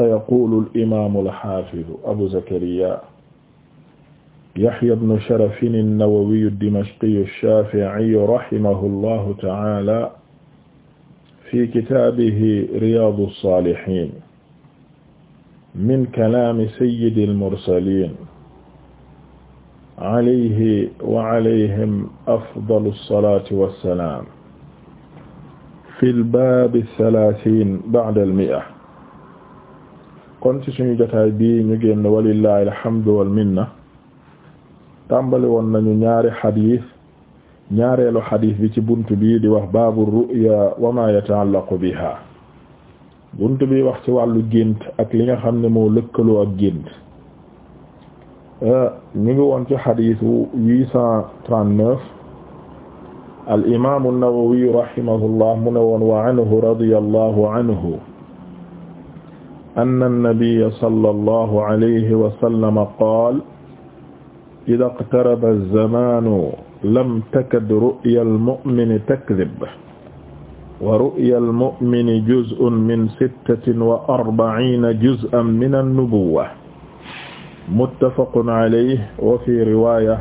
fa yaqulu al-imaamu al-haafidu Abu Zakariyaa Yahya ibnu Sharafin an-Nawawi ad-Dimashqi ash-Shaafi'i rahimahu Allahu ta'aala fi kitaabihi Riyaadu as-Saalihiin min kalaami sayyidi al-mursaliin alayhi wa alayhim afdalu as-salaati was-salaam fil baabi ath-thalaathiin ba'da al-mi'a kon ci suñu jotaay bii ñu génn walillahi alhamdu wal minna tàmbali woon nañu ñaari xadiis ñaareelu xadiis bi ci bunt bi di wax baabu ru'ya wa ma yataallaqu biha bunt bi wax ci wàllu gént ak li nga xam ne moo lëkkaloo ak gént ñu ngi woon ci xadiisu huit cent trente-neuf al imaamu an-Nawawi mu ne woon wa anhu radiyallahu anhu anna nabiyya sallallahu alayhi wa sallam qaala idaa iqtaraba az-zamaanu lam takad ru'ya al-mu'mini takdib wa ru'ya al-mu'mini juz'un min sittatin wa arba'iina juz'an min an-nubuwwa muttafaqun alayhi wa fii riwaaya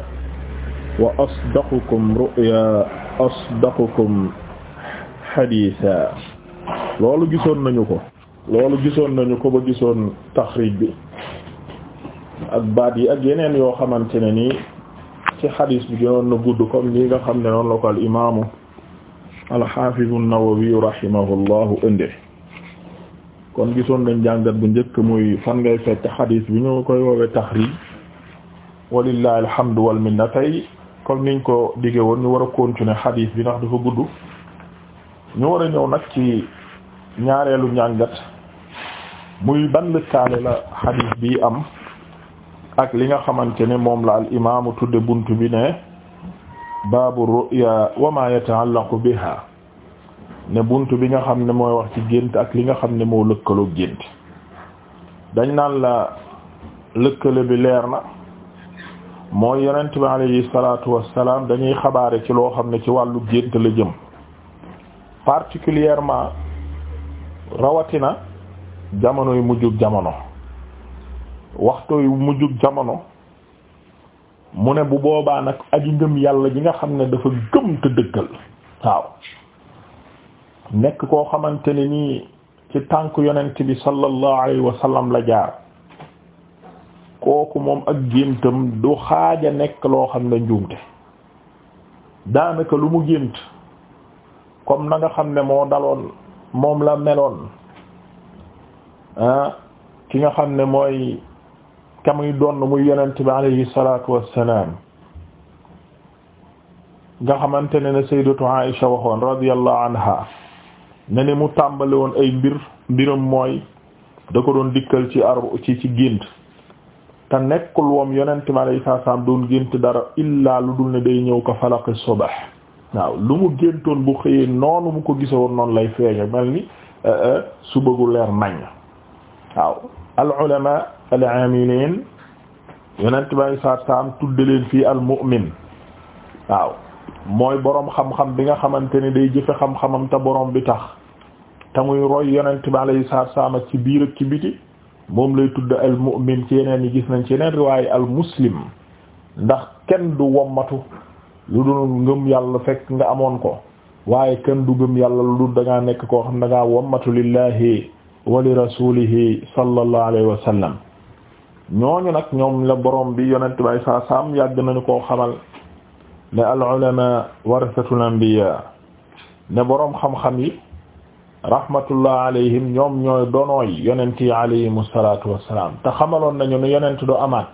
wa asdaqukum ru'ya asdaqukum hadiisan loolu gisoon nañu ko loolu gisoon nañu ko ba gisoon taxrij bi ak baat yi ak yeneen yoo xamante ne nii ci xadiis bi gënoon na gudd comme nii nga xam ne noonu la ko al imaamu alxaafizu an-Nawawi rahimahullahu ënde kon gisoon nañ jàngat bu njëkk muy fan ngay fekk xadis bi ñu koy woowee taxrij walillahi alhamdu wal minna tey comme niñ ko digge woon ñu war a continuer xadis bi ndax dafa gudd ñu war ñëw nag ci ñaareelu njàngat muy ban lëkkaale la xadiis bi am ak li nga xamante ne moom la al imaamu tudde bunt bi ne baabu ru'ya wa ma yata'allaqu biha ne bunt bi nga xam ne mooy wax ci gént ak li nga xam ne moo lëkkaloo gént dañ naan la lëkkale bi leer na mooy yonent bi alayhi salaatu wassalaam dañuy xabaare ci loo xam ne ci wàllu gént la jëm particulièrement rawatina jamono yu mujjug jamono waxtu yu mujjug jamono mu ne bu boobaa nag aji ngëm yàlla ji nga xam ne dafa gëm te dëggal waaw nekk koo xamante ne nii ci tànk yonent bi sallallahu alayhi wa la jaar kooku moom ak géntam du xaaja nekk loo xam ne njuumte daanaka lu mu gént comme na nga xam ne moo daloon moom la meloon Ah, ki nga xam ne mooy ka muy doon muy yonent bi alayhi salaatu wassalaam nga xamante ne ne sayyidatu Aisha waxoon radiyallahu anha ne ne mu tàmbali woon ay mbir mbiram mooy da ko doon dikkal ci ar ci ci gént te nekkul woom yonent bi alayhi salaatu wassalaam doon gént dara illaa lu dul ne day ñëw ko falaqi subah waaw lu mu géntoon bu xëyee noonu mu ko gise woon noonu lay feeñe mel ni eh, eh, suba gu leer nañ waaw al ulama al amilin yonent bay saat saam tudd leen fii al mu'min waaw mooy boroom xam-xam bi nga xamante ne day jëfe xam-xamam te boroom bi tax te muy roy yonent bi alayhi salaatu salaam ak ci biir ak ci biti moom lay tudd al mu'min ci yeneen yi gis nañ ci yeneen riwaaye al muslim ndax kenn du wommatu lu dul ngëm yàlla fekk nga amoon ko waaye kenn du gëm yàlla lu dul da nekk koo xam ne wommatu lillahi wa li rasulihi sallallahu alayhi wa ñooñu nag ñoom la borom bi yonent bay saa saam yàgg nañu ko xamal ne al ulama warathatul ne boroom xam-xam yi rahmatullah alayhim ñoom ñooy donooy yonent yi alayhimu salaatu wassalaam te xamaloon nañu ne yonent do amaat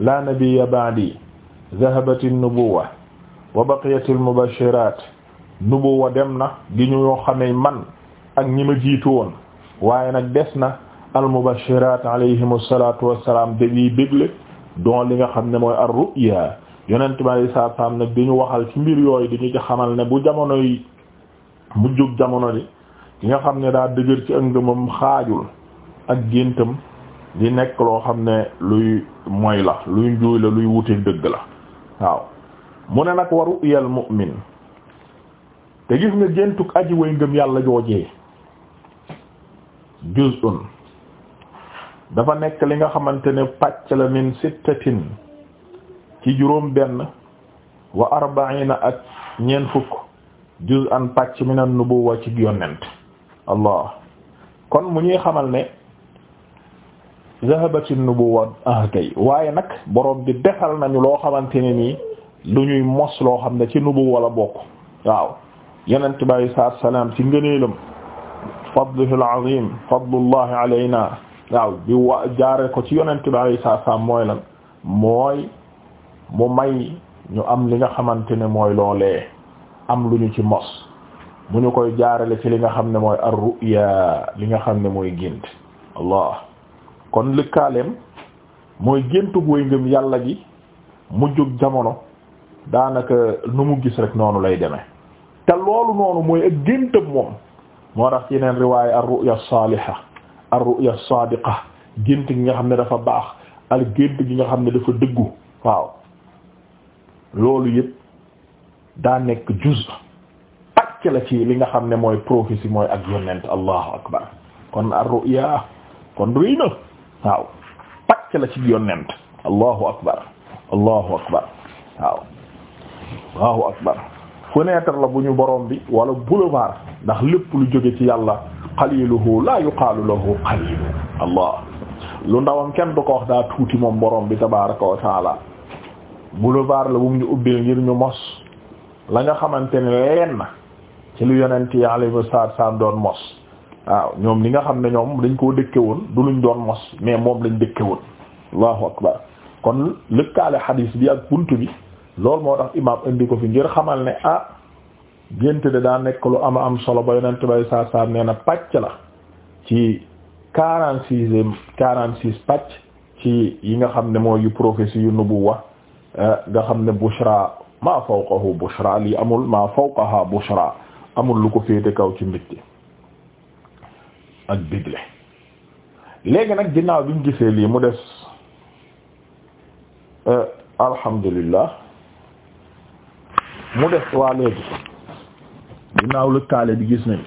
la nabiyya ba'di dhahabat an-nubuwwa wa baqiyat al-mubashirat dem na gi ñu yoo xamee man ak ñi ma jiitu woon waaye nag des na almubashiraat alayhim asalatu wasalam da yi bégle don li nga xam ne mooy ar ru'ya yonent bi alei salatu salaam nag di ñu waxal ci mbir yooyu di ñu ci xamal ne bu jamono yi mu jóg jamono di ki nga xam ne daa dëgër ci ëngëmam xaajul ak géntam di nekk loo xam ne luy moy la luy njuuy la luy wute dëgg la waaw mu ne nag waru uyal mu'min te gis nga géntug aji way ngëm yàlla joojee juz'un dafa nekk li nga xamante ne pàcc la min sittatin ci juróom benn wa arba'ina ak ñeent fukk juz'an pàcc min an-nubuwwa ci yonent allah kon mu ñuy xamal ne zahabati nubuwwa ah kay waaye nag boroom bi defal nañu loo xamante ne nii lu ñuy mos loo xam ne ci nubuwwa wala bokk waaw yonent bi sallallahu alayhi wasallam ci ngëneelam fadlihi al-azim fadlullahi alayna waaw bi wa jaare ko ci yonent bi alayhi salaam mooy lan mooy mu may ñu am li nga xamante ne mooy loolee am lu ñu ci mos mu ñu koy jaarale ci li nga xam ne mooy ar-ru'ya li nga xam ne mooy gént allah kon lëkkaaleem mooy géntug way ngëm yàlla gi mu jóg jamono daanaka nu mu gis rek noonu lay deme te loolu noonu mooy ak géntam moom moo tax yeneen riwaay ar-ru'ya as-saliha ar-ru'ya as-sadiqa gént gi nga xam ne dafa baax al gént gi nga xam ne dafa dëggu waaw loolu yëpp daa nekk juz pàcc la ci li nga xam ne mooy prophétie mooy ak yonent allahu akbar kon ar-ru'ya kon rëy waaw pàcc la ci yonent allahu akbar allahu akbar waaw allahu akbar fenêtre la bu ñu boroom bi wala boulevard ndax lépp lu jóge ci yàlla qaliluhu la yuqaalu lahu qalilu allah lu ndawam kenn du ko wax daa tuuti moom boroom bi tabaraka wa taala boulevard la bu mu ñu ubbil ngir ñu mos la nga xamante ne leen ci lu yonent ma alayhi saam doon mos waaw ñoom li nga xam ne ñoom dañ koo dëkke woon du luñ doon mos mais moom lañ dëkke woon allahu akbar kon lëkkaale xadiis bi ak bunt bi loolu moo tax imaam indi ko fi ngir xamal ne ah gént de daa nekk lu ama am solo ba yonent bay saa saa nee na pàcc la ci quarante sixième quarante pàcc ci yi nga xam ne mooy yu prophétie yu nubuwa eh, nga xam ne bushra maa fawqahu bushra lii amul maa fawqaha bushra amul lu ko féete kaw ci mbitti ak bible léegi nag ginnaaw bi gisee lii mu des eh, alhamdulillah mu def waa léegi lu lëkkaale bi gis nañ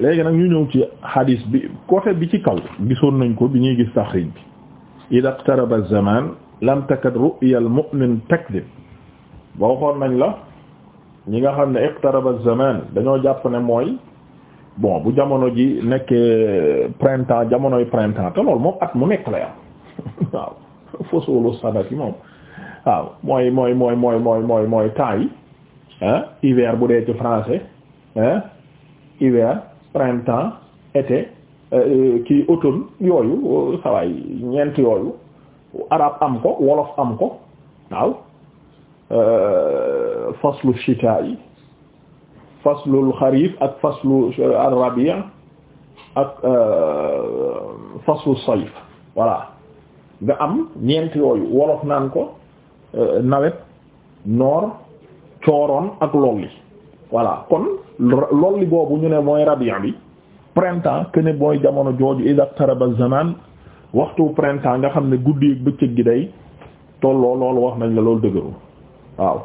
léegi nag ñu ñëw ci hadis bi côté bi ci kaw gisoon nañ ko bi ñuy gis taxrij bi ida qtaraba az-zaman lam takad ru'ya al-mu'min takdib ba waxoon nañ la ñi nga xam ne iqtaraba az-zaman dañoo jàpp ne mooy bon bu jamono ji nekkee printemps jamonoy printemps te loolu moom at mu nekk la yam waaw fasulu sanati moom waaw mooy mooy mooy mooy mooy mooy mooy temps yi ah hiver bu dee ci français ah hiver printemps été euh, euh, kii automne yooyu sawaay ñeent yooyu arab am ko wolof am ko waaw euh, faslu chitaa yi faslul xarif ak faslu rabi ak faslu sayf voilà nga am ñeent yooyu wolof naan ko Euh, nawet noor cooroon ak lolli voilà kon lolli boobu ñu ne mooy rabi'a bi printemps que mooy jamono jooju iza taraba zaman waxtu printemps nga xam ne guddi ak bëccëg gi day tolloo loolu wax nañ la loolu dëgërul waaw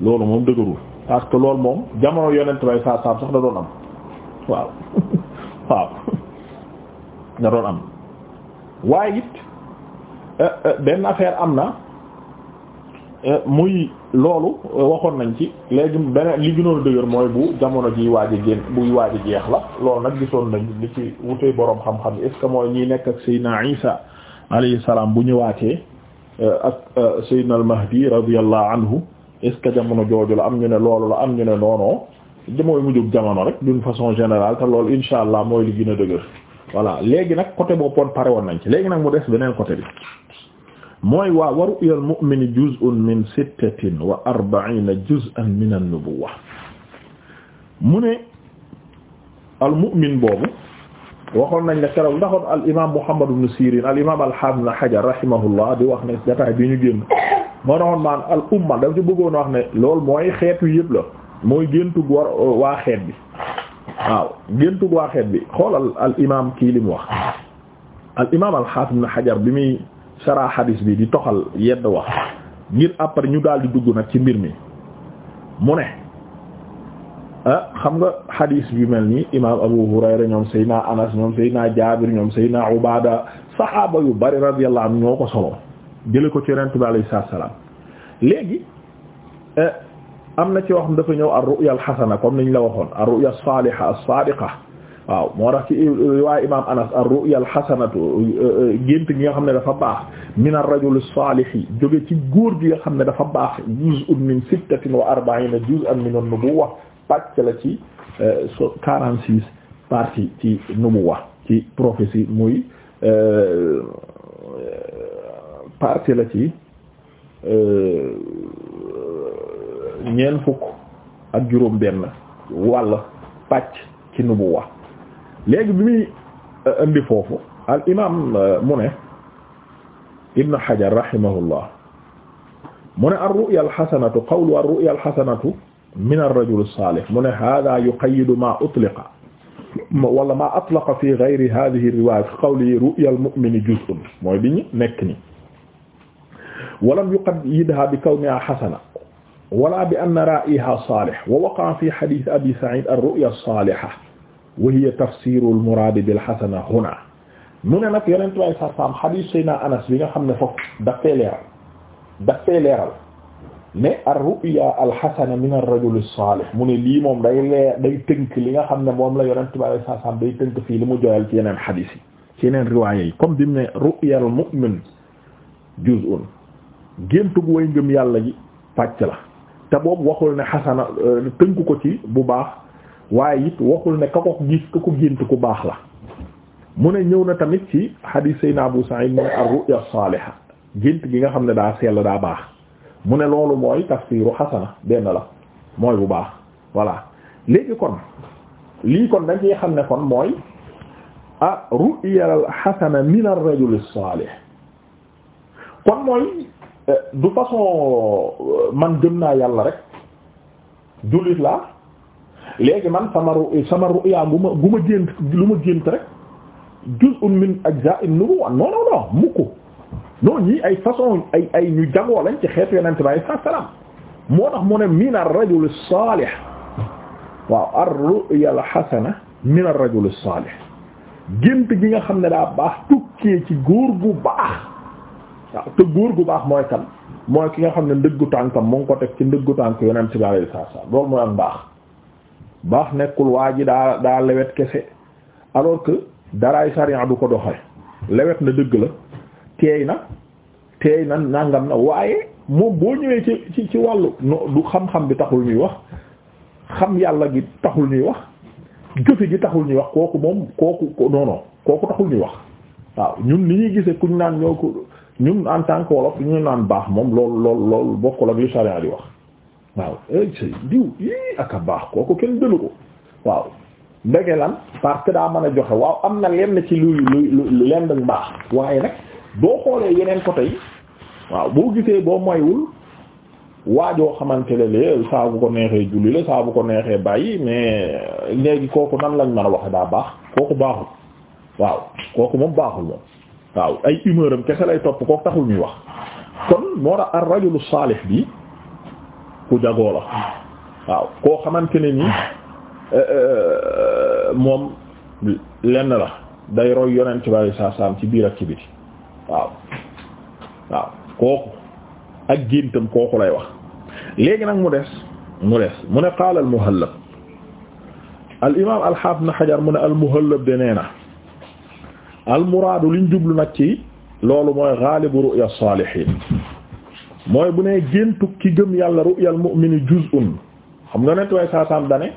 loolu moom dëgërul parce que loolu moom jamono yonent bay saa saam sax da doon am waaw waaw da doon am waaye it euh, euh, benn affaire am na Eh, muy loolu eh, waxoon nañ ci léegi beneen li gënoon dëgër mooy bu jamono ji waaj a génn buy waaj a jeex la lool nag gisoon nañ li ci wutee boroom xam-xam est ce que mooy ñiy nekk ak Seydina Isa alayhi salaam bu ñëwaatee eh, ak Seydina al Mahdi radiyallahu anhu est ce que jamono jooju la am ñu ne loolu la am ñu ne noonoo mooy mujjub jamono rek d'une façon générale te loolu insha allah mooy li gën a dëgër voilà léegi nag côté boobu pare woon nañ ci léegi nag mu des beneen côté mooy waa wa ru'yal mu'mini juz'un min sittatin wa arba'iina juz'an min an-nubuwwa mu ne al mu'min boobu waxoon nañ la keroog ndaxoon al imaam Muhammad ibn Sirin al imaam al haafiz ibn Hajar rahimahullah di wax ne jotaay bi ñu génn moo taxoon maan al umma daf ci bëggoon wax ne loolu mooy xeetu yëpp la mooy géntug war waa xeet bi waaw géntug waa xeet bi xoolal al imaam kii li mu wax al imaam al haafiz ibn Hajar bi muy. sara xadis bi di toxal yedd wax ngir après ñu daal di dugg nag ci mbir mi mu ne ah xam nga xadis bi mel ni imam Abu Hurayra ñoom Seydina Anas ñoom Seydina Jaabir ñoom Seydina Ubaada saxaaba yu bari radiyallahu anhu ñoo ko solo jële ko ci yonent bi alayhi salaam léegi eh, am na ci wax dafa ñëw ar-ru'ya al-hasana comme niñ la waxoon ar-ru'ya as-saliha as-sadiqa waaw moo tax ci riwaaya imam anas ar-ru'ya al gént gi nga xam ne dafa baax min ar-rajul as-salih jóge ci góor gi nga xam ne dafa baax juz'un min sittatin wa arba'ina juz'an min an-nubuwwa pàcc la ci euh, quarante six partie ci nubuwwa ci prophétie muy euh, partie la ci euh, ñeent fukk ak juróom benn wàll pàcc ci nubuwwa léegi bi muy euh, indi foofu al imaam euh, mu ne ibn Hajar rahimahullah mu ne ar-ru'ya al-hasanatu qawlu ar-ru'ya al-hasanatu min ar-rajul as-salih mu ne hada yuqayyidu ma utliqa wala ma atlaqa fi ghayri hadhihi ar-riwaya fi qawli ru'ya al-mu'mini juz'un mooy bi ñu nekk ni walam yuqayyidha bi kawniha hasana wala bi anna ra'iha salih wa waqa'a fi hadith abi sa'id ar-ru'ya as-salihah wa hiya tafsiru almouradi bilxasana huna mu ne nag yeneen way sarsam hadis sayna anas bi nga xam ne foofu daf fee leeral daf fee leeral ne ar-ru'ya alxasana min ar-rajul mu ne lii moom day leer day li nga xam ne moom la yonent bi alayhi salaam day tënk fii li mu joyal ci yeneen xadis yi ci yeneen riwaaya yi comme bi mu ne ru'ya al-mu'min juz'un géntug way ngëm yàlla ji pàcc la te boobu waxul ne xasana euh, tënk ko ci bu baax waaye it waxul ne ka ko gis ka ko gént ku baax la mu ne ñëw na tamit ci hadith sayna Abu Sa'id mu ne ar-ru'ya saliha gént gi nga xam ne daa sell daa baax mu ne loolu mooy tafsiru xasana benn la mooy bu baax voilà léegi kon lii kon dañ ci xam ne kon mooy ah ru'ya al xasana min ar-rajul as-salih kon mooy eh, du façon euh, man gëm naa yàlla rek jullit la léegi man sama ru sama ruyaa gu ma gu ma gént lu ma gént rek juz'un min ajza'in nubuwwa non non non mukk non ñii ay façon ay ay ñu jagoo lañ ci xeetu yonente bi alayhi salaam moo tax mu ne min ar-rajul as-salih waaw ar-ru'ya al-hasana min ar-rajul as-salih gént gi nga xam ne daa baax tukkee ci góor gu baax waaw te góor gu baax mooy kan mooy ki nga xam ne ndëggu tànkam mu ngi ko teg ci ndëggu tànk yonente bi alayhi salaam loolu mooy am baax baax nekkul waa ji daa daa lewet kese alors que daraay sariya du ko doxale lewet na dëgg la teey na teey na nàngam na waaye moom boo ñëwee ci ci ci wàllu no du xam-xam bi taxul ñuy wax xam yàlla gi taxul ñuy wax jëfe gi taxul ñuy wax kooku moom kooku non non kooku taxul ñuy wax waaw ñun li ñuy gisee kuñ naan ñoo ko ñun en tant que wolof ñu naan baax moom loolu lool loolu bokkul ak li sariya di wax waaw ay eh, sëy diw yii ak a baax kooku kenn jëlu ko waaw ndege lan parce daa man a joxe waaw am na lenn ci luy lu lenn mbaax waaye nag boo xoolee yeneen côté yi waaw boo gisee boo moywul waajoo xamante ne lee saabu bu ko neexee julli la saa ko neexee bàyyi mais léegi kooku nan lañ mën a wax daa baax kooku baaxul waaw kooku moom baaxul moom waaw ay humeur am kese lay topp kooku taxul ñuy wax kon moo tax ar rajulu salih bi ku jagoo la waaw koo xamante ne ni eh, eh, moom lenn la day roy ci bi saa ci biir ak ci biti waaw waaw ak géntam kooku lay wax léegi nag mu des mu des mu ne qaala al muhallab al imaam al haafiz ibn hajar mu ne al muhallab de nee al muraadu liñ jublu nag ci loolu mooy gaalibu ru'ya saalihiin mooy bu nee géntu ki gëm yàlla ru'yal mu'mini juz'un xam nga nent way saasam dane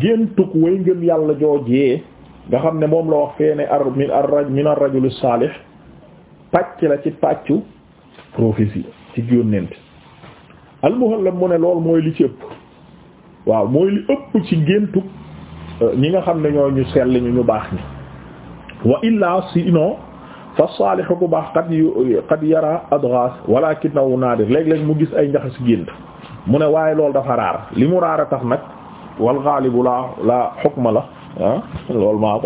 géntug way ngëm yàlla joojee nga xam ne moom la wax fee ne ar min ar raj min ar rajul salih pàcc la ci pàccu prophétie ci yónnent almuhallam mu ne lool mooy li ci ëpp waaw mooy li ëpp ci géntug euh, ñi nga xam ne ñoo ñu sell ñu ñu baax ni wa illa sinon fa saalihu ku baax qad qad yara adghas walakinahu naadir léeg-léeg mu gis ay njaxas gént mu ne waaye loolu dafa raar li mu raar a tax nag wal ghalibu laa laa hukma la ah loolu wax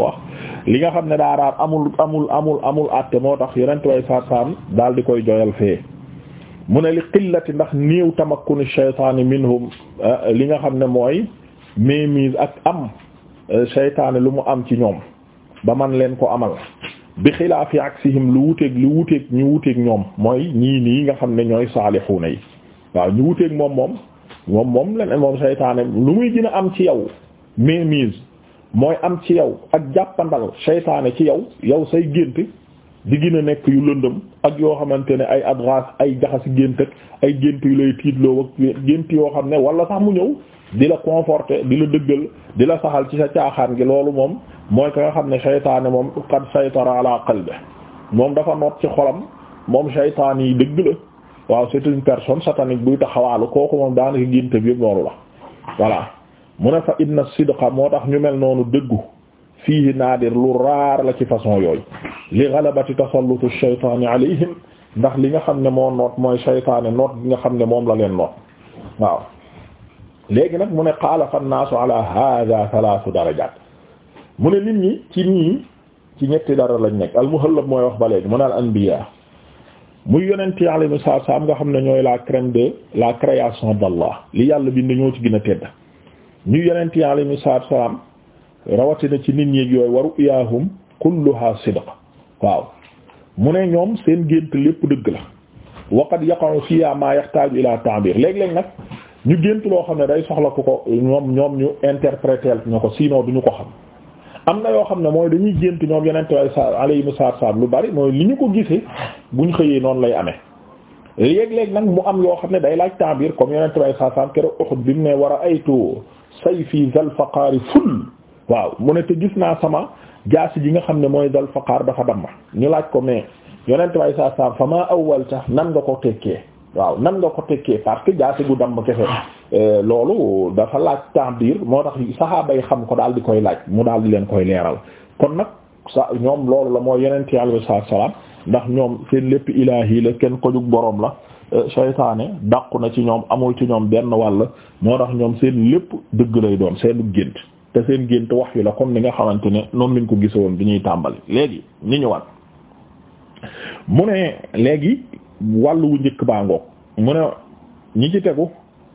li nga xam ne daa amul amul amul amul àtte moo tax yenent way sarsaan daal di koy joyal fee mu ne li qillati ndax néew tamakkuni shaytaani minhum ah, li nga xam ne mooy mainmise ak am eh, shaytaani lu mu am ci ñoom ba man leen ko amal bi xilaafi aksihim lu wuteeg lu wuteek ñu wuteek ñoom mooy ñii nii nga xam ne ñooy saalixuuna yi waaw ñu wuteeg moom moom moom moom leneen moom seytaane lu muy gën a am ci yow mainmise mooy am ci yow ak jàppandal seytaane ci yow yow say gént di gën a nekk yu lëndëm ak yoo xamante ne ay adras ay jaxasi gént ak ay gént yu lay tiitloo ak gént yoo xam ne wala sax mu ñëw di la conforter di la dëggal di la saxal ci sa caaxaan gi loolu moom mooy ka nga xam ne saytaane moom qad saytara ala qalbi moom dafa noot ci xolam moom saytaan yi dëgg la waaw c'est une personne satanique buy taxawaalu kooku moom daanaka génte bi yëpp noonu la voilà mu ne fa inna sidqa moo tax ñu mel noonu dëggu fii naadir lu raar la ci façon yooyu li ghalabati tasallutu shaytaani alayhim ndax li nga xam ne moo noot mooy saytaane noot bi nga xam ne moom la leen noot waaw léegi nag mu ne qaala fa naasu ala hada thalathu darajat mu ne nit ñi ci nii ci ñetti dara lañ nekk al muhallab mooy wax ba léegi mu ne al anbiya muy yonent yi alayhimu salaam nga xam ne ñooy la crème de la création d'Allah li yàlla bind ñoo ci gën a tedd ñu yonent yi alayhimu salaam rawatina ci nit ñi yooyu waru iyaahum kulluha sidq waaw mu ne ñoom seen gént lépp dëgg la waqad yaqa'u fiha ma yahtaju ila ta'bir léeg-léeg nag ñu gént loo xam ne day soxla ko ko ñoom ñoom ñu interpréter ñu ko sinon duñu ko xam am na yoo xam ne mooy dañuy gént ñoom yeneen way sa alayhimu salaam lu bari mooy li ñu ko gisee ñu xëyee noonu lay amee léeg-léeg nag mu am yoo xam ne day laaj taabir comme yeneen way sa saam a Uhud bi mu ne war a aytu say fii faqaari ful waaw mu ne te gis naa sama jaasi gi nga xam ne mooy zal faqaar dafa damma ñu laaj ko mais yeneen way sa saam fa maa awwal nan nga ko tekkee waaw nan nga ko tekkee parce que jaasi gu damm kese euh, loolu dafa laaj ta'bir moo tax saxaaba yi xam ko daal di koy laaj mu daal di leen koy leeral kon nag sa ñoom loolu la moo yeneen ci alayhi salaam ndax ñoom seen lépp ilaahi la kenn ko jug boroom la euh, saytaane dàqu na ci ñoom amul ci ñoom benn wàll moo tax ñoom seen lépp dëgg lay doon seenu gént te seen gént wax yu la comme ni nga xamante ne noonu lañ ko gisoon bi ñuy tàmbali léegi ni ñu wat mu ne wàll wu njëkk baa mu ne ñi ci tegu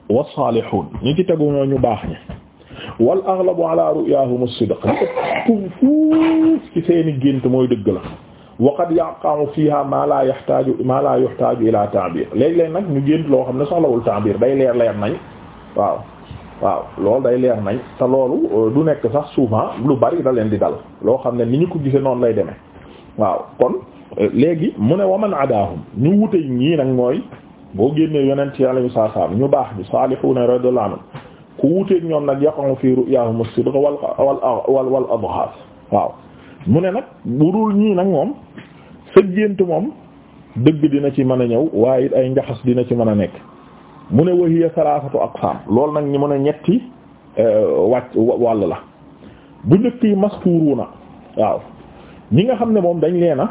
wa salihun ñi ci tegu ñoo ñu baax ñi wal aghlabu ala ru'yahum as-sidq fuuf ci seeni gént mooy dëgg la wa qad yaqa'u fiha ma la yahtaju ma la yahtaju ila ta'bir léeg-léeg nag ñu gént loo xam ne soxlawul ta'bir day leer leer nañ waaw waaw loolu day leer nañ te loolu euh, du nekk sax souvent lu bari da leen di dal loo xam ne ni ñu ko gisee noonu lay demee waaw kon léegi mu ne waman adaahum ñu wute ñii nag mooy boo génnee yonent ci yàlla yu saa ñu baax bi ne radiyallaahu anhum ku wuteeg ñoom nag yaqamu fi ru'yaahum as-sidq wal wal wal adghaas waaw mu ne nag bu dul ñii nag moom sa gént moom dëgg dina ci mën a ñëw waaye ay njaxas dina ci mën a nekk mu ne wa hiya salaasatu aqsaam loolu nag ñi mën a ñetti euh, wàcc wàll la bu njëkk yi masturuuna waaw ñi nga xam ne moom dañ leena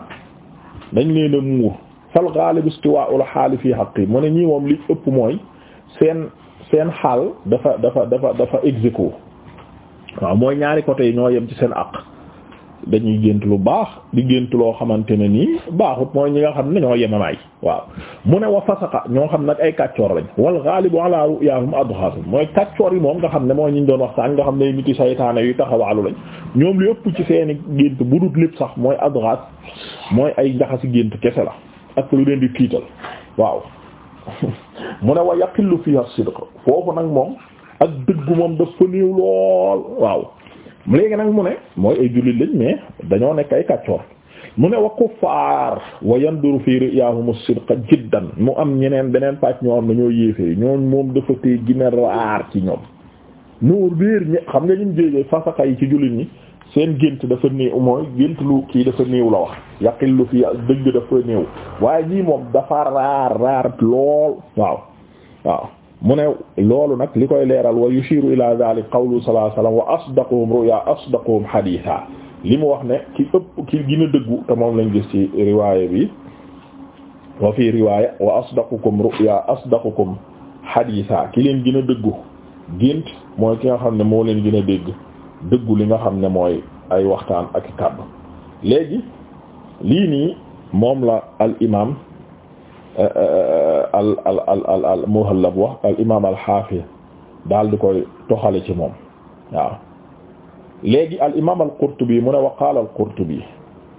dañ leen a muur fal ghalib istiwa'ul haal fi haqqi mu ne ñii moom li ëpp mooy seen seen xaal dafa dafa dafa dafa exéco waaw mooy ñaari côté yi ñoo yem ci seen àq dañuy gént lu baax di gént loo xamante ne nii baaxut mooy ñi nga xam ne ñoo yemamaay waaw mu ne wa fasaqa ñoo xam nag ay kàccoor lañ wal ghalibu ala ru'yahum adghasum mooy kàccoor yi moom nga xam ne mooy ñu doon wax sax nga xam ne nit yi saytaane yu taxawaalu lañ ñoom li ëpp ci seeni gént bu dut lépp sax mooy adghas mooy ay njaxasi gént kese la ak lu leen di tiital waaw mu ne wa yaqillu fiha as-sidq foofu nag moom ak dëggu moom dafa néew lool waaw léegi nag mu ne mooy ay jullit lañ mais dañoo nekk ay kàccoor mu ne wa kuffaar wa yanduru fii riyaahum sidqa jiddan mu am ñeneen beneen pàcc ñoo am dañoo yéefee ñooñ moom dafa tey gina raar ci ñoom nuur biir xam nga ñun jéegee fasaka yi ci jullit ñi seen gént dafa néew mooy gént lu kii dafa néew la wax yaqil lu fi dëgg dafa néew waaye ñii moom dafa raar raar lool waaw waaw mu ne loolu nag li koy leeral wa yushiru ila dhalik qawlu sallallahu alayhi wasallam wa asdaquhum ruya asdaquhum haditha li mu wax ne ki ëpp ki gën dëggu te moom lañ gis ci riwaaya bi wa fi riwaaya wa asdaqukum ruya asdaqukum haditha ki leen gën a dëggu gént mooy ki nga xam ne moo leen gën a dégg dëggu li nga xam ne mooy ay waxtaan ak kàddu léegi lii nii moom la al imam al al al al al Muhallab wax al imaam al di koy toxale ci moom waaw léegi al imaam al Qurtubi mu ne wa qaala al Qurtubi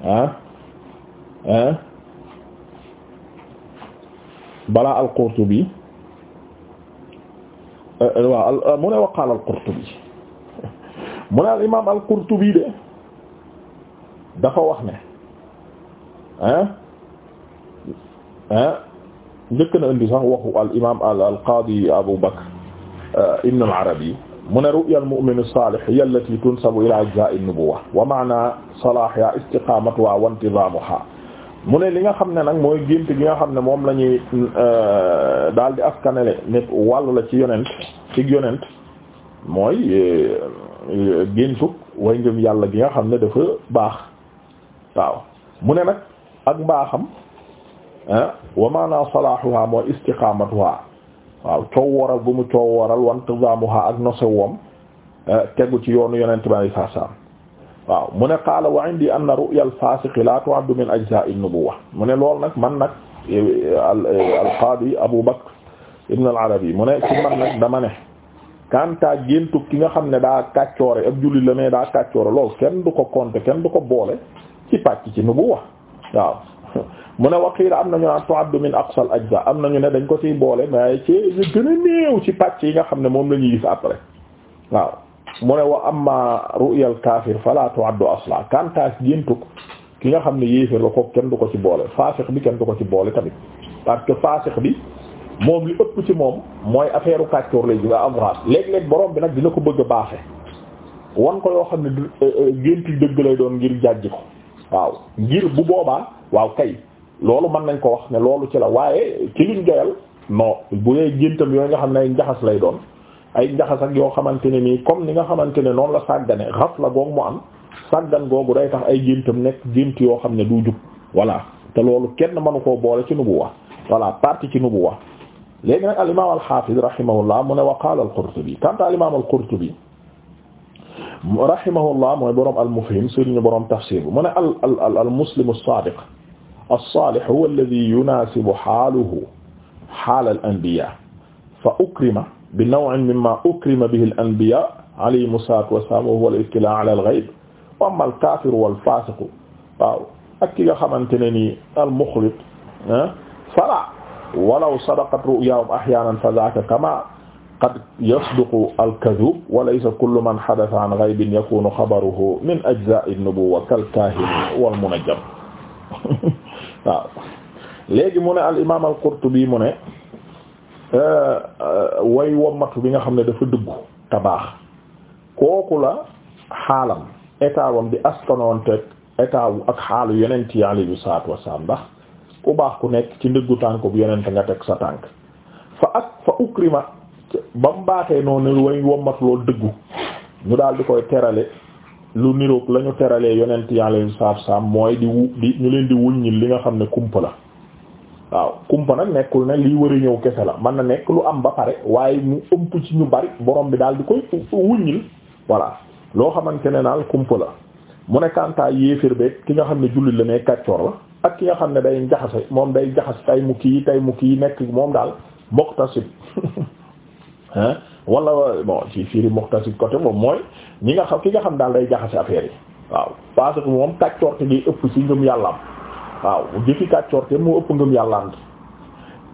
ah ah balaa al Qurtubi eh, waaw mu ne wa qaala mu ne al imaam al de dafa wax ne ah ah njëkk na indi sax waxu al imaam al qaadi Abu Bakr euh, ibn al Arabi mu ne ru'ya al mu'min as-salih hiya allati tunsabu ila ajza'i an-nubuwwa wa ma'na salahiha istiqamatuha wa intizamuha mu ne li nga xam ne nag mooy gént gi nga xam ne moom la ñuy euh, daal di askanele ne wàll la ci yonent ci yonent mooy euh, géntu way ngëm yàlla gi nga xam ne dafa baax waaw mu ne nag ak mbaaxam Ah, wa maana salaahuha mooy istiqamatuha waaw coowaral bu mu coowaral wantizaamuha ak nosewom eh, tegu ci yoonu yonent bi alayhi waaw mu ne qaala wa indi anna ru'ya al-faasiqi la tu'addu min ajzaa'i an-nubuwwa mu ne lool nag man nag al-qaadi Abu Bakr ibn al-Arabi mu ne ci man nag dama ne kanta géntu ki nga xam ne daa kàccoore ab jullit la mais daa kàccoore lool kenn du ko compter kenn du ko boole ci pàcc ci nubuwwa waaw mu ne waqiila am nañu naan tu'addu min aqsal ajza am nañu ne dañ ko ciy boole mais ci gën néew ci pàcc yi nga xam ne moom la ñuy gis après waaw mu ne wa amma ru'yal kaafir fala tu'addu asla kantaas ko ki nga xam ne yéeféer la ko kenn du ko ci boole faasiq bi kenn du ko ci boole tamit parce que faasiq bi moom li ëpp ci moom mooy affaire u kàccoor lay nga am raas léeg borom bi nag dina ko bëgg a baaxe wan ko yoo xam ne euh, euh, génti dëgg lay doon ngir jàjj ko waaw ngir bu boobaa waaw kay loolu man nañ ko wax ne loolu ci la waaye ci liñ joyal non bu dee géntam yooyu nga xam ne ay njaxas lay doon ay njaxas ak yoo xamante ne nii comme ni nga xamante ne noonu la sàggane xaf la googu mu am sàggan googu day tax ay géntam nekk gént yoo xam ne du jub voilà te loolu kenn mënu koo boole ci nubuwa voilà partie ci nubuwa léegi nag al imam al hafiz rahimahullah mu ne wa qaala al qurtubi kanta al imam al qurtubi rahimahullah mooy borom al mufhim sëriñu borom tafsir bu mu ne al al al muslim as-sadiq as-salih huwa alladhi yunasibu haluhu hala al-anbiya fa ukrima bi naw'in mimma ukrima bihi al-anbiya alayhimu salaatu wa salaam wa huwa al-ittila' ala al-ghayb wa amma al-kafir wal-fasiq waaw ak ki nga xamante ne nii al-mukhlit fala walaw sadaqat ru'yaahum ahyaanan fa dhaaka kama qad yasduqu al-kadhub wa laysa kullu man hadatha an ghaybin yakunu khabaruhu min ajzaa'i an-nubuwwa kal-kaahin wal-munajjam waaw léegi mu ne al imaam al Qurtubi mu ne euh, euh, way wommatu bi nga xam ne dafa dëggu te baax kooku la xaalam état wam di askanoon teg état wu ak xaalu yonent yi alayhi salaatu wassalaam ndax ku baax ku nekk ci ndëggu tànk bu yonent nga teg sa tànk fa ak fa ukrima ba mu baaxee noonu loolu dëggu ñu daal di koy terale lu niroog la ñu teralee yonent yi alayhi salaatu salaam mooy di wu di ñu leen di wuññil li nga xam ne kumpa la waaw kumpa na nekkul ne lii war a ñëw kese la man na nekk lu am ba pare waaye mu ëmp ci ñu bari borom bi daal di koy wuññil voilà loo xamante ne daal kumpa la mu ne kantaay yéefér be ki nga xam ne jullit la ne kàccoor la ak ki nga xam ne day jaxase moom day jaxase tay mu kii tay mu kii nekk moom daal moktasib ah wala bon ci firi si côté moom mooy ñi nga xam ki nga xam daal day jaxase affaire yi waaw parce que moom kàccoorte gi ëpp ci ngëm yàllaam waaw jëfi kàccoorte moo ëpp ngëm yàllaam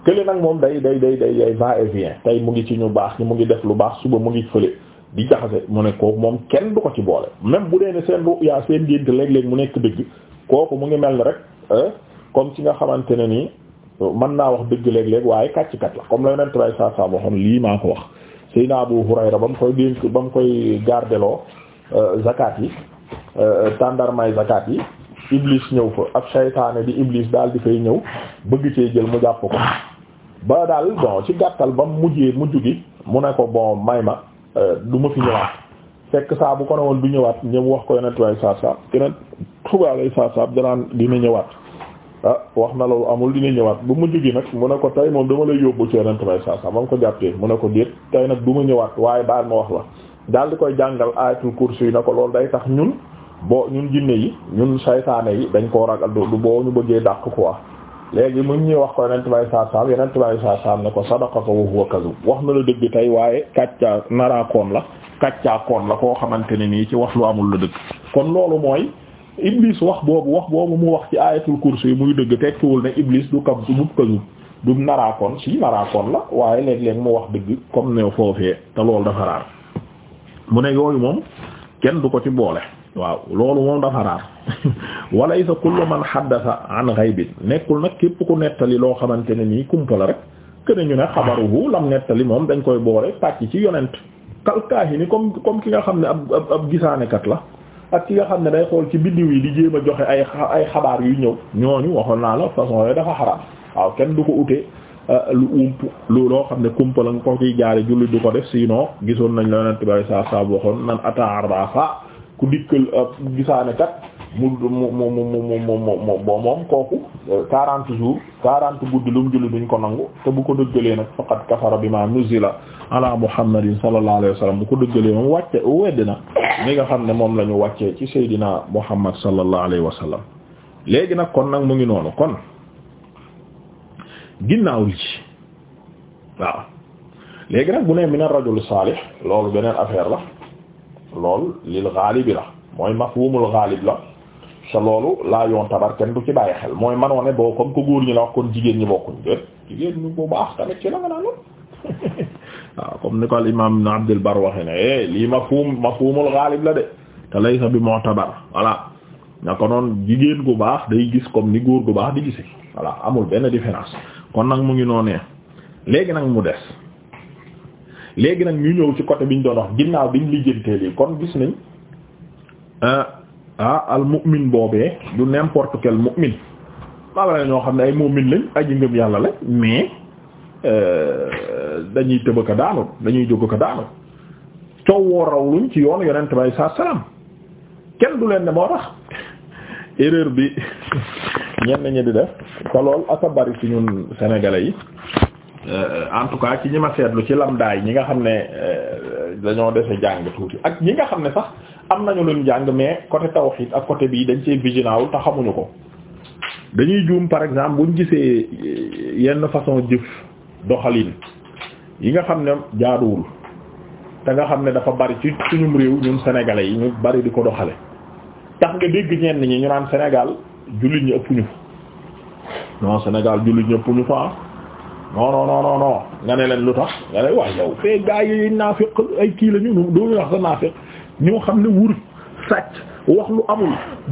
kële nag moom day day day day day va et vient tey mu ngi ci ñu baax ni mu ngi def lu baax suba mu ngi fële di jaxase mu ne kooku moom kenn du ko ci boole même bu dee ne seen ruyaa seen gént léeg-léeg mu nekk dëgg kooku mu ngi mel ni rek comme ci nga xamante ne nii naa wax dëgg léeg-léeg waaye kàcc kat la comme ko wax Seydina Abu Hurayra ba mu koy dénk ba mu koy gardeloo euh, zakat yi euh, tàndarmay zakat yi iblis ñëw ko ab saytaane di iblis daal di fay ñëw bëgg cee jël mu jàpp ko ba daal bon ci gàttal ba mu mujjee mujj gi mu ne ko bon may ma euh, du ma fi ñëwaat fekk saa ko ne woon du ñëwaat ñëw wax ko yeneen tubaab yi saa saa yeneen tubaab yi saa saa danaan dina ñëwaat. ah wax na la lu amul dina ñëwaat bu mujj gi nag mu ne ko tey moom dama lay yóbbu ci yonent bay saa saa ba mu ko jàppee mu ne ko déet tey nag du ma ñëwaat waaye baa ma wax la daal di koy jàngal aayatul kursi yi na ko loolu day tax ñun boo ñun jinne yi ñun saytaane yi dañ koo ragal du boo ñu bëggee dàq quoi léegi mu ñuy wax ko yonent bay saa saa yonent bay saa saa ne ko sadaqaka ko huwa kadhub wax na la dëgg tey waaye kàccaa naraakoon la kàccaakoon la koo xamante ne nii ci wax lu amul la dëgg kon loolu mooy. Iblis wax boobu wax boobu mu wax ci ayatul kursi yi muy dëgg tekkiwul ne Iblis du kab du kazub du naraakoon si naraakoon la waaye léeg-léeg mu wax dëgg comme ne foofee te loolu dafa raar mu ne yooyu moom kenn du ko ci boole waaw loolu moom dafa raar walaysa kullu man xaddasa an ghaibin nekkul nag képp ku nettali loo xamante ne nii kumpa la rek kene ñu ne xabaruhu lam nettali moom dañ koy boole pàcc ci yonent kalkaahi ni comme comme ki nga xam ne ab ab ab gisaanekat la ak ki nga xam ne day xool ci biddiw yi di jéem a joxe ay ay xabaar yu ñëw ñooñu waxoon naa la façon yooyu dafa xaraam waaw kenn du ko ute euh, lu ump lu loo xam ne kumpa la nga ko ciy jaare julli du ko def sinon gisoon nañ la yonent bi sallallahu alayhi wasallam waxoon nan ataarrafa ku dikkal euh, gisaane kat mu mu mu mu mu mu moom kooku quarante jours quarante guddi lu mu julli duñ ko nangu te bu ko dëggalee nag faqat kafara bima nuzila ala muhammadin sallallahu alayhi wa sallam bu ko dëggalee moom wàcce weddi na li nga xam ne moom la ñu wàccee ci seydina muhammad sallallahu alayhi wa sallam léegi nag kon nag mu ngi noonu kon ginnaaw li waaw léegi nag bu ne min ar-rajul salih loolu beneen affaire la lool lil ghalib la mooy mafhumul ghalib la sa loolu laa yoon tabar kenn du ci bàyyi xel mooy manoo ne boo comme ko góor ñi la wax kon jigéen ñi bokkuñ déet jigéen ñu bu baax tamit ci la nga naan loolu waaw comme ni ko al imam ibn Abdul Bar waxe ne eh, lii mafhum mafhumul ghalib la de te laysa bi mu'tabar voilà na ko noon jigéen gu baax day gis comme ni góor gu baax di gise voilà amul benn différence kon nag mu ngi noonee léegi nag mu des léegi nag ñu ñëw ci côté biñ doon wax ginnaaw biñ lijjantee kon gis nañ euh, ah al mu'min boobee du n'importe kel mu'min maa la ñoo xam ne ay mu'min lañ ay ngëm yàlla la mais euh, dañuy tëb ko daanu dañuy jóg ko daanu coow rawluñ ci yoonu yonent bi saa salaam kenn du leen ne moo tax bi ñenn ñi di def te lool aka bari ci ñun sénégalais yi euh, en tout cas ci ñi ma seetlu ci lamdaay ñi nga xam ne euh, dañoo dese jàng tuuti ak ñi nga xam ne sax. am nañu ñu jàng mais côté tawhid ak côté bii dañ cee vigilant te xamuñu ko dañuy juum par exemple buñ gisee yenn façon jëf doxalin yi nga xam ne jaaduwul te nga xam ne dafa bari ci suñum réew ñun sénégalais yi ñu bari di ko doxale tax nga dégg ñenn ñi ñu naan senegal jullit ñi ëpp ñu non Sénégal ëpp ñu fa non non nga ne leen lu tax nga ne waaye yow fee gaa yi naafiq ay kii la ñu doo ñu sa naafiq ñoo xam ne wur sàcc wax lu amul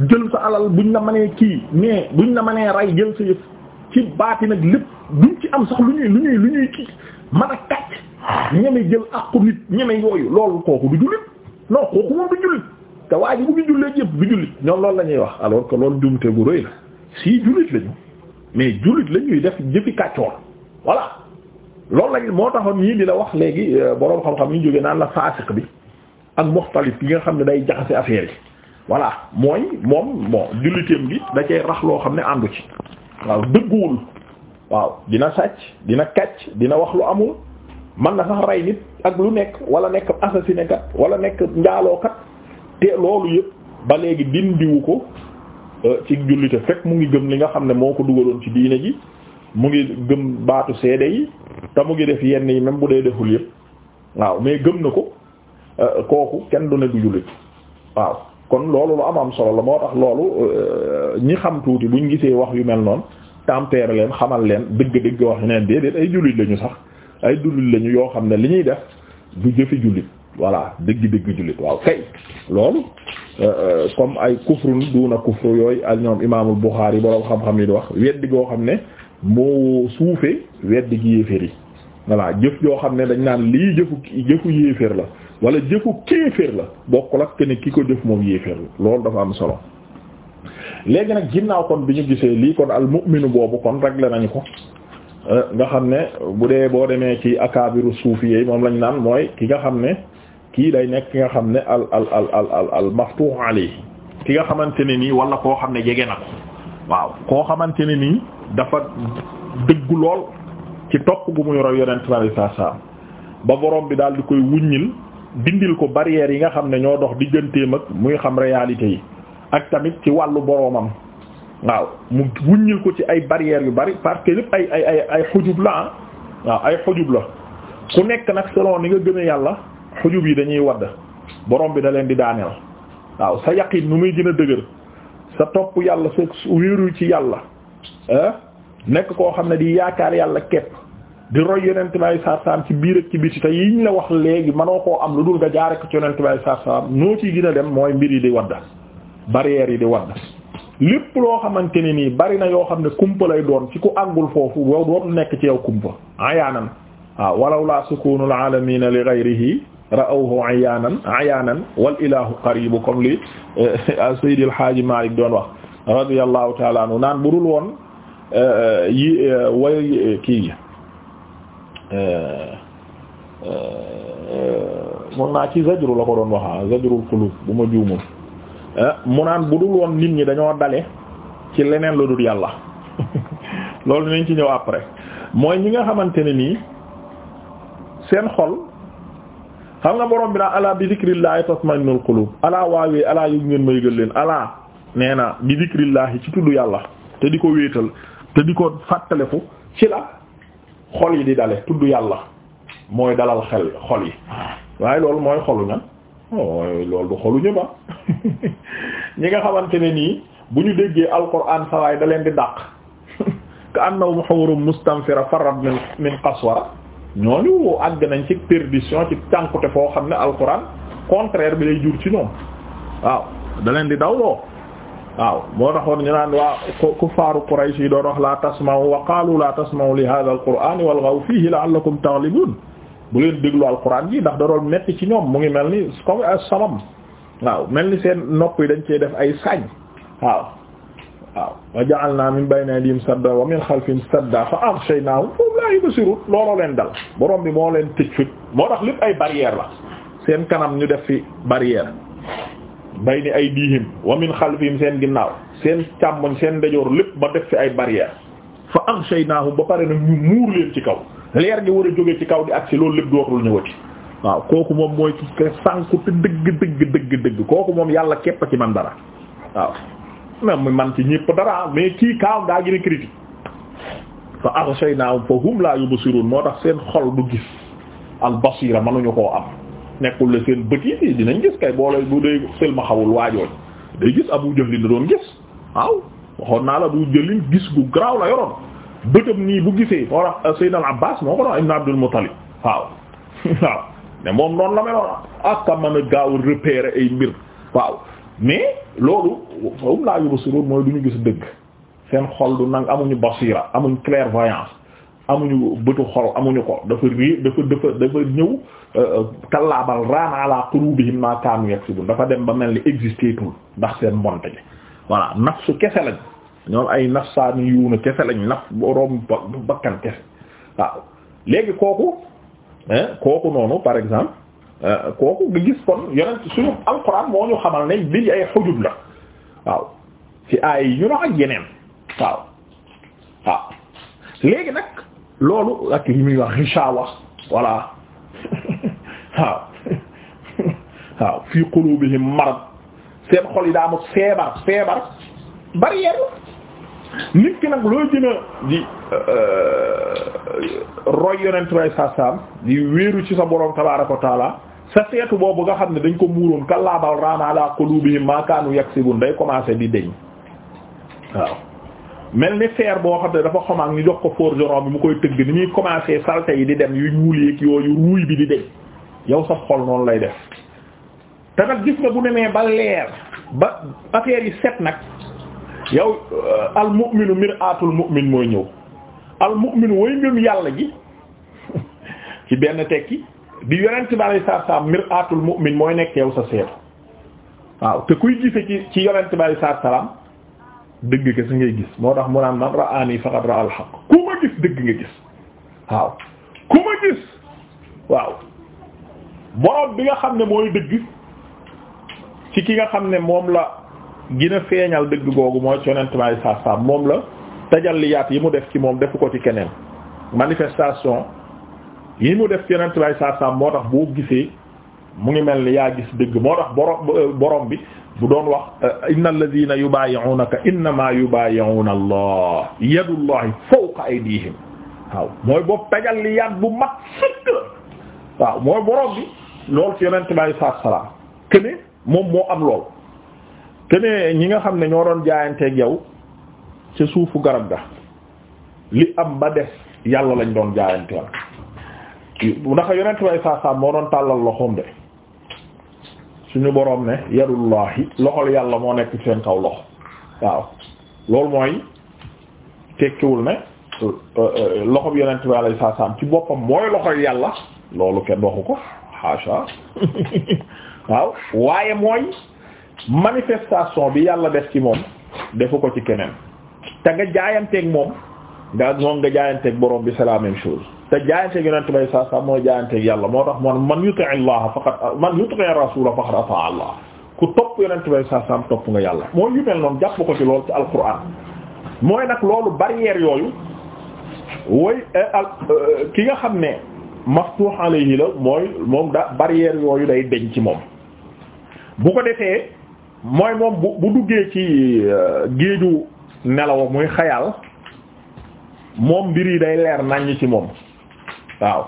jël sa alal buñ la mënee kii mais buñ la mënee ray jël sa yëf ci baati nag lépp duñ ci am sax lu ñuy lu ñuy lu ñuy kii mën a kàcc ñeme jël àqu nit ñeme yooyu loolu kooku du jullit non kooku moom du jullit te waa bu ñu jullee yëpp du jullit ñoom loolu la ñuy wax alors que loolu jumte bu rëy la si jullit lañu mais jullit la ñuy def jëfi kàccoor voilà loolu lañu moo taxoon ñii di la wax léegi euh, boroom xam-xam ñu jógee naan la faasiq bi ak muxtalif yi nga xam ne day jaxase affaire yi voilà mooy moom bon julliteem gi da cay rax loo xam ne àndu ci waaw dëgguwul waaw dina sàcc dina kàcc dina wax lu amul mën na sax rey nit ak lu nekk wala nekk assassiné kat wala nekk njaalookat te loolu yëpp ba léegi dindiwu ko euh, ci jullite fekk mu ngi gëm li nga xam ne moo ko dugaloon ci diine ji mu ngi gëm baatu seede yi te mu ngi def yenn yi même bu dee deful yëpp waaw mais gëm na ko Euh, kooku kenn du ne du jullit waaw kon loolu lu am solo la moo tax loolu euh, ñi xam tuuti buñ gisee wax yu mel noon tempère leen xamal leen dëgg-dëgg wax yu neen déedéet ay jullit lañu sax ay jullit lañu yoo xam ne li ñuy def du jëfi jullit voilà dëgg-dëgg jullit waaw kay loolu euh, comme ay du na kufru yooyu al ñoom imaamul Buxaari boroom xam-xam yi di wax weddi goo xam ne mu suufee weddi gi yéeféer yi voilà jëf yoo xam ne dañ naan lii jëfu jëfu yéeféer la wala jëfu kéeféer la bokkul ak ne ki ko jëf moom yéeféer la loolu dafa am solo léegi nag ginnaaw kon bi ñu gisee lii kon al mu'minu boobu kon réglé nañu ko euh, nga xam ne bu dee boo demee ci akaabiru suufi yi moom lañu naan mooy ki nga xam ne kii day nekk ki nga xam ne al al al al al al ki nga xamante ne nii wala koo xam ne jege na ko waaw koo xamante ne nii dafa dëggu lool ci toq gu muy roy yonent bi sallallahu ba borom bi daal di koy wuññil dindil ko barrières yi nga xam ne ñoo dox digganteem ak muy xam réalité yi ak tamit ci wàllu boroomam waaw mu wuññil ko ci ay barrières yu bari parce que lépp ay ay ay ay xujub la ah waaw ay xujub la ku nekk nag selon ni nga gëme yàlla xujub yi dañuy wadd borom bi da leen di daaneel waaw sa yaqin nu muy gën a dëgër sa topp yàlla sa wéeru ci yàlla eh? nekk koo xam ne di yaakaar yàlla képp di roy yonent bi saa saam ci biir ak ci biti te yiñ la wax léegi manoo koo am lu dul nga jaare ko ci yonent bi saa saam noo ciy gën dem mooy mbir yi di wadda barrières yi di wadda lépp loo xamante ne nii bari na yoo xam ne kumpa lay doon ci ku àggul foofu yow dootul nekk ci yow kumpa ayaanan waaw ah, walaw laa sukuunul aalamiina li ghayrihi ra'awhu ayaanan ayaanan wal ilaahu qariibu comme li eh, Seydil Haaji Maalik doon wax radiyallahu ta'ala anhu naan budul woon eh, eh, yi way kii Euh, euh, euh, mun naa ci zajru la ko doon waxa zajrul qulub bu ma juumul mu naan bu dul woon nit ñi dañoo dale ci leneen la dul yàlla loolu nañ ci ñëw après mooy ñi nga xamante ne nii seen xol xam nga borom bi naa ala bi zikrillahi tatma'innul qulub ala waawee ala yu ngeen ma yëgal leen ala nee na bi zikrillahi ci tudd yàlla te di ko wéetal te di ko fàttaleku ci la xol yi di dale tudd yàlla mooy dalal xel xol yi waaye loolu mooy xolu ñan oh, loolu du xolu ñëpp ah. ñi nga xamante ne nii bu ñu déggee alquran sawaay da leen di dàq ka annahu humurum mustanfira farrat min min qaswara ñooñu àgg nañ ci perdition ci cànkute foo xam ne alquran contraire bi lay jur ci ñoom waaw daleen leen di dawloo waaw moo taxoon ñu naan waa kuffaaru Quraysh yi doon wax la tasma'u wa qaalu la tasma'u li hadha al-qur'aan walghaw fiihi la'allakum taghlibuun bu leen déglu alquran ji ndax da doon metti ci ñoom mu ngi mel ni comme samam waaw mel ni seen nopp yi dañ cee def ay sañ waaw waaw wa ja'alna min bayni aydihim sadda wa min xalfihim sadda fa aghshaynahum fa hum laa yubsirun looloo leen dal borom bi moo leen tëj fit moo tax lépp ay barrière la seen kanam ñu def fi barrière bayni aydihim wa min xalfihim seen ginnaaw seen càmmoñ seen ndejoor lépp ba def fi ay barrière fa am aghshaynahum ba pare nag ñu muur leen ci kaw leer gi war a jóge ci kaw di si loolu lépp dootul ñëwati waaw kooku moom mooy ci ke te dëgg dëgg dëgg dëgg kooku moom yàlla képp a ci man dara waaw même man ci ñëpp dara mais kii kaaw daa gën a critique fa aghshaynahum fa hum la yubsirun moo tax seen xol du gis al basira mënuñu koo am nekkul la seen bët yi dinañ gis kay boole bu dee sëlma xawul waajooj day gis Abu Jahl la doon gis waaw waxoon naa la Abu Jahl gis gu garaaw la yoroon bëtam nii bu gisee moo tax euh, Sayyid al Abbas moo ko doon Ibn Abdul Muttalib waaw ne moom noonu la meloon ak a mën ay mbir waaw mais loolu fawum laa yóbbu si mooy du ñu gis dëgg seen xol du nang amuñu basira amuñ clairvoyance amuñu bëtu xol amuñu ko dafa réer dafa dafa dafa ñëw kallaabal euh, raana ala qulubihim ma kaanu yaksubun dafa dem ba mel ni existé tul ndax seen mbonte gi voilà nafsu kese lañ ñoom ay nafsaani yuuna kese lañ naf boroom bakkan kese waaw léegi kooku kooku noonu par exemple euh, kooku nga gis kon yonent suñu alxuraan moo ñu xamal ne lii ay xujub la waaw ci ay yu ñu ak yeneen waaw waaw léegi nag loolu ak li muy wax richa wax voilà waaw waaw fii qulubihim marad seen xol yi daa am feebar feebar barrière nit ki nag loo gën a di euh, euh, roy yonent way di wéeru ci sa borom tabaaraka wa sa seetu boobu nga xam ne dañ ko muuroon kallaa bal raana ala qulubihim ma kaanu yaksibun day commencé di deñ waaw mel ni fer boo xam ne dafa xomaag ñu jox ko forgeron bi mu koy tëgg ni muy commencer saleté yi di dem yu ñuuleeg yooyu ruuy bi di dem yow sa xol noonu lay def te nag gis nga bu demee ba leer ba affaire yi set nag yow euh, al mu'minu mir'atul mu'min mooy ñëw al mu'minu way ngëm yàlla ji ci benn tekki bi yonent bi alayhi salaatu salaam mir'atul mu'min mooy nekk yow sa seetu waaw te kuy gise ci ci yonent bi alayhi salaatu salaam dëgg kese ngay gis moo tax mu naan man ra'aani faqad ra'al haqq ku ma gis dëgg nga gis waaw ku ma gis waaw borom bi nga xam ne mooy dëgg ci ki nga xam ne moom la gën a feeñal dëgg googu mooy conentement sa sa moom la tajalliyaat yi mu def ci moom defu ko ci keneen manifestation yi mu def ci yonent bay saa moo tax boo gisee mu ngi mel ni yaa gis dëgg moo tax borom borom bi bu doon wax uh, inna alladhina yubayi'unaka innama yubayi'una allah yadullahi fawqa aydihim waaw mooy boobu tajalliyaat bu mag sëkk la waaw mooy borom bi lool ci yonent bi alayhi salaam kene moom moo am lool kene ñi nga xam ne ñoo doon jaayanteeg yow ca suufu garab ga li am ba des yàlla lañ doon jaayanteel ndax yonent bi alayhi salaam moo doon tàllal loxoom de suñu boroom ne yadullahi loxol yàlla moo nekk seen kaw loxo waaw loolu mooy tekkiwul ne euh, euh, loxo bi yonent bi alayhi salaam ci boppam mooy loxol yàlla loolu kenn waxu ko waaw waaye mooy manifestation bi yàlla def ci moom defu ko ci keneen te nga jaayanteeg moom nga moom nga jaayanteeg boroom bi selaa la même chose te jaayanteeg yonent bay saa saa mooy jaayanteeg yàlla moo tax man man yuti allah faqad man yuti rasula faqad ata allah ku topp yonent bay saa saa topp nga yàlla mooy yu mel noonu jàpp ko ci loolu ci alquran mooy nag loolu barrière yooyu woy eh, eh, ki nga xam ne maftuh alayhi la mooy moom da barrière yooyu day deñ ci moom bu ko defee mooy moom bu bu duggee ci eh, géeju nelaw muy xayaal moom mbir yi day leer naññ ci moom waaw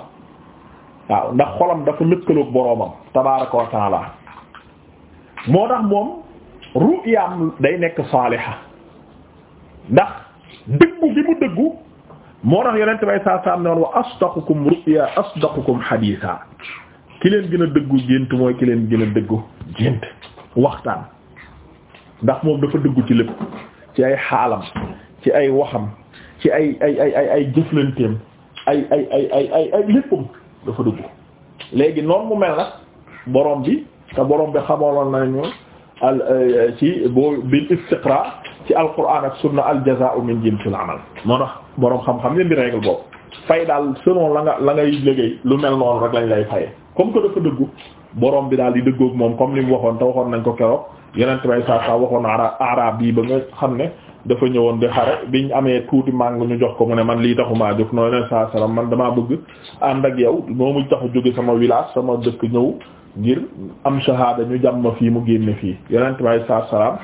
waaw ndax xolam dafa lëkkaloog boroomam tabaaraka wa moo tax moom ru'yaam day nekk saaliha ndax dëggu gi mu dëggu moo tax yonent bay saa saa ne woon wa asdaqukum ru'ya asdaqukum haditha ki leen gën a dëggu gént mooy ki leen gën a dëggu gént waxtaan ndax moom dafa dëggu ci lépp ci ay xaalam ci ay waxam ci ay ay ay ay ay jëflanteem ay ay ay ay ay ay léppam dafa dugg léegi noonu mu mel nag borom bi te borom bi xamaloon nañu al euh, ci boo bil istiqra ci alquran ak sunna al jazaa'u min jinsil amal moo tax boroom xam-xam yéen di règle boobu fay daal selon la nga la ngay liggéey lu mel noonu rek lañ lay faye comme que dafa dëggu borom bi daal di dëggoog moom comme li mu waxoon te waxoon nañ ko keroog yeneen bay saa saa araab arab yi ba nga xam ne dafa ñëwoon di xare biñ amee tuuti màng ñu jox ko mu ne man lii ma jóg noonu leen saa salaam man damaa bëgg ànd ak yow moomu tax a jóge sama village sama dëkk ñëw ngir am shahada ñu jàmm fii mu génne fii yonent may saa salaam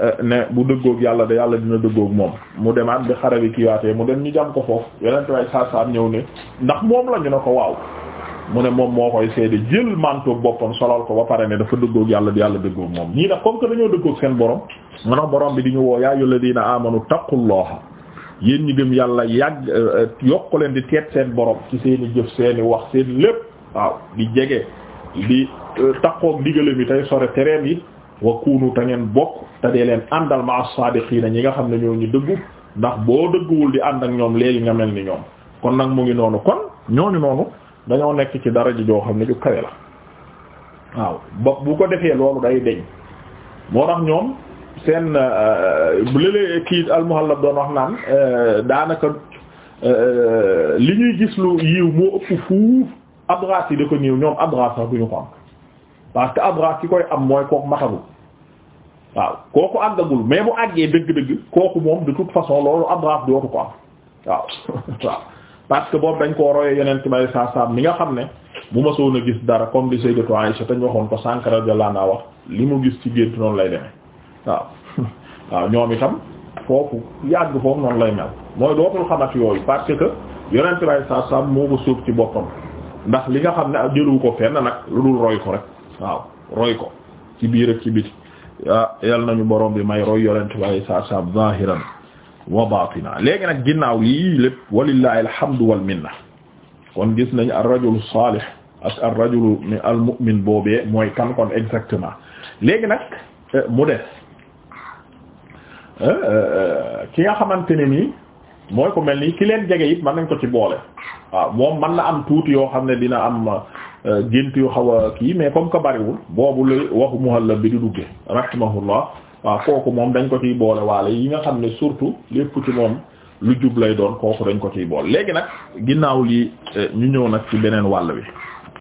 eh, ne bu dëggoog yàlla de yàlla dina dëggoog moom mu demaat bi xare bi kiiwaatee mu dem ñu jàmm ko foofu yonent may saa salaam ñëw ne ndax moom la ne ko waaw. mu ne moom moo koy seede jël mantoog boppam solal ko ba pare ne dafa dëggoog yàlla yàlla dëggoog moom ñii nag comme que dañoo dëggoog seen borom manax borom bi di ñu woo yaa ayyuhal ladina amanu taqullaha yéen ñi gëm yàlla yàgg euh, yokk leen di teet seen borom ci seen i jëf wax seen lépp waaw di jege di euh, taqoog ndigalam yi tey sore tereem yi wa kuunu te ngeen bokk te dee leen àndal ma as-saadiqiina ñi nga xam ne ñoo ñu dëggu ndax boo dëgguwul di ànd ak ñoom léegi nga mel ni ñoom kon nag mu ngi noonu kon ñooñu noonu dañoo nekk ci dara ji joo xam ne ju kawe la waaw ba bu ko defee loolu day deñ moo tax ñoom seen euh, lëlee kii almuhallab doon wax naan euh, daanaka euh, li ñuy gis lu yiw moo ëpp fuuf adras yi da ko niiw ñoom adras sax duñu ko am parce que ki koy am mooy kooku matagul waaw kooku àggagul mais bu àggee dëgg-dëgg kooku moom de toute façon loolu adras dootu ko am waaw waaw parce que boobu dañ koo royee yeneen may saa saam mi nga xam ne bu ma soon a gis dara comme li Sayyidatu Aisha tañ waxoon ko sànq radiyallahu anha wax li mu gis ci gént noonu lay demee waaw waaw ñoom itam foofu yàgg foofu noonu lay mel mooy dootul xamat yooyu parce que yonent bay saa saam moo ko suuf ci boppam ndax li nga xam ne jëlu ko fenn nag lu dul roy ko rek waaw roy ko ci biir ak ci biti ah yal nañu borom bi may roy yonent bay saa saam wa baatina léegi nag ginnaaw lii lépp walillahi alhamdu wal minna kon gis nañ ar rajul salih ak ar rajul al mu'min boobee mooy kan kon exactement léegi nag euh, mu des euh, euh, ki nga xamante ne nii mooy ko mel nii ki leen jege it mën nañ ko ci boole waaw moom mën na am tuuti yoo xam ne dina am gint yu xaw kii mais comme que bariwul boobu la waxu muhallab bi di dugge rahimahullah waaw kooku moom dañ ko ciy boole waalo yi nga xam ne surtout lépp ci moom lu jub lay doon kooku dañ ko ciy bool léegi nag ginnaaw lii eh, ñu ñëw nag ci beneen wàll wi